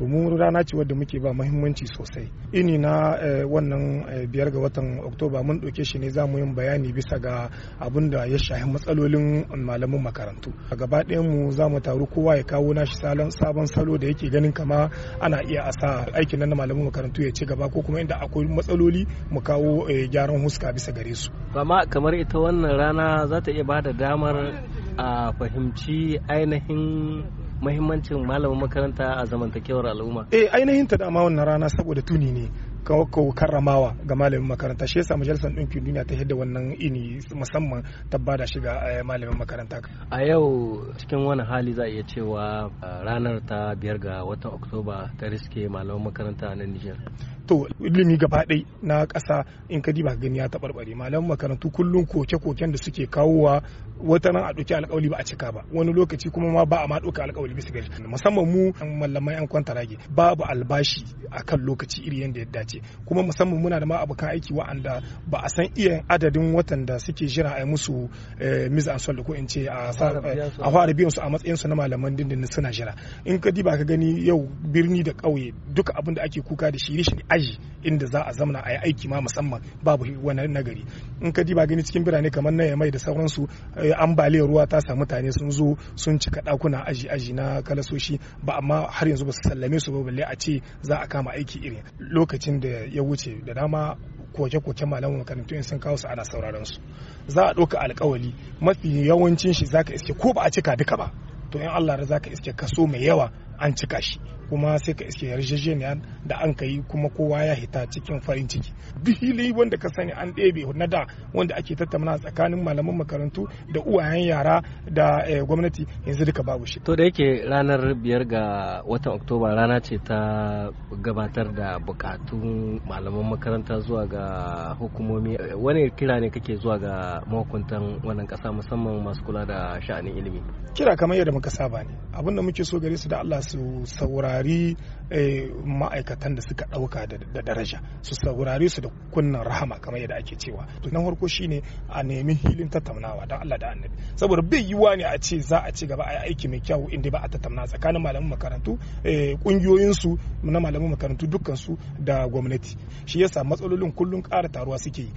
to mu rana ce wadda muke ba muhimmanci sosai ini na eh, wannan eh, biyar ga watan oktoba mun ɗauke shi ne za mu yin bayani bisa ga abin da ya shahi matsalolin malamin makarantu a gaba ɗayan mu za mu taru kowa ya kawo nashi salon sabon salo da yake ganin kama ana iya asa aikin nan na malaman makarantu ya ci gaba ko kuma inda akwai matsaloli mu kawo eh, gyaran huska bisa gare su amma kamar ita wannan rana za ta iya ba da damar a fahimci ainihin mahimmancin malamin makaranta a zamantakewar al'umma eh ainihin ta dama wannan rana saboda tuni ne kawo karramawa ga malamin makaranta shi yasa majalisar ɗinkin duniya ta hidda wannan ini musamman tabbada shi ga eh, malamin makaranta a yau cikin wani hali za a iya cewa ranar ta biyar ga watan oktoba ta riske malaman makaranta a nan nijar to ilimi gaba ɗai na ƙasa in ka diba gani ya taɓarɓare malaman makarantu kullum koke-koken da suke kawowa wata nan a ɗauki alƙawali ba a cika ba wani lokaci kuma ma ba a ma ɗauka alƙawali bisa ga musamman mu mallamai an kwanta rage babu albashi a kan lokaci iri yadda ya dace kuma musamman muna da ma abokan aiki wa'anda ba a san iya adadin watan da suke jira a yi musu eh, miza an sol ko in ce a fara biyan su a matsayin su na malaman dindindin suna jira in ka diba ka gani yau birni da ƙauye duka abin da ake kuka da shi rishin daji inda za a zamana a yi aiki ma musamman babu wani nagari in ka diba gani cikin birane kamar na yamai da sauransu eh, ambaliyar ruwa ta sa mutane sun zo sun cika dakuna aji aji na kalasoshi ba amma har yanzu ba su sallame su ba balle a ce za a kama aiki irin lokacin da ya wuce da dama koke-koke malamin makarantu in sun kawo su ana sauraron su za a ɗauka alkawali mafi yawancin shi zaka iske ko ba a cika duka ba to in Allah za ka iske kaso mai yawa an cika shi kuma sai ka iske yarjejeniya da an ka yi kuma kowa ya hita cikin farin ciki duk wanda ka sani an ɗebe na da wanda ake tattauna tsakanin malaman makarantu da uwayen yara da eh, gwamnati yanzu duka babu shi to da yake ranar biyar ga watan oktoba rana ce ta gabatar da bukatun malaman makaranta zuwa ga hukumomi wani kira ne kake zuwa ga mahukuntan wannan kasa musamman masu kula da sha'anin ilimi kira kamar yadda muka saba ne abinda muke so gare su da Allah su saurari eh, ma'aikatan da suka ɗauka da daraja su saurari su da kunnan rahama kamar yadda ake cewa to na farko shine a nemi hilin tattaunawa don Allah da annabi saboda bai yiwuwa ne a ce za a ci gaba a aiki mai kyau inda ba a tattauna tsakanin malaman makarantu kungiyoyin eh, su na malaman makarantu dukkan su da gwamnati shi yasa matsalolin kullun ƙara taruwa suke yi